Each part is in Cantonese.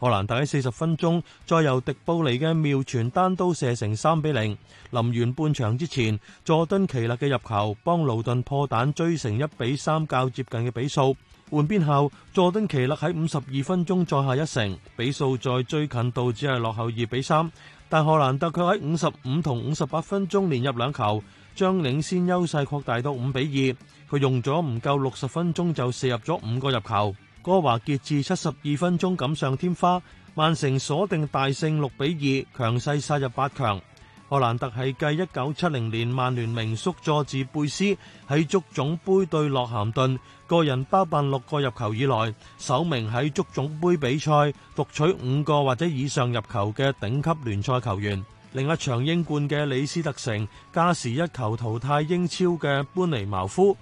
荷蘭特喺四十分鐘再由迪布尼嘅妙傳單刀射成三比零，臨完半場之前，佐敦奇勒嘅入球幫盧頓破蛋追成一比三較接近嘅比數。換邊後，佐敦奇勒喺五十二分鐘再下一城，比數再追近到只係落後二比三。但荷蘭特卻喺五十五同五十八分鐘連入兩球，將領先優勢擴大到五比二。佢用咗唔夠六十分鐘就射入咗五個入球。哥華傑至七十二分鐘錦上添花，曼城鎖定大勝六比二，強勢殺入八強。賀蘭特係繼一九七零年曼聯名宿佐治貝斯喺足總盃對諾咸頓個人包辦六個入球以來，首名喺足總盃比賽獨取五個或者以上入球嘅頂級聯賽球員。另一場英冠嘅李斯特城加時一球淘汰英超嘅般尼茅夫。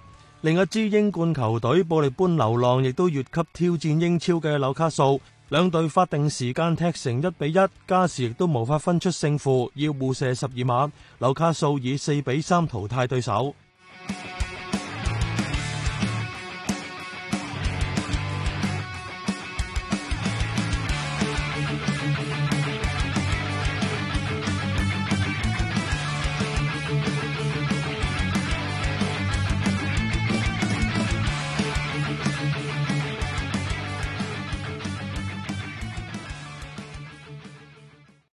另一支英冠球隊布力般流浪亦都越級挑戰英超嘅紐卡素，兩隊法定時間踢成一比一，加時亦都無法分出勝負，要互射十二碼，紐卡素以四比三淘汰對手。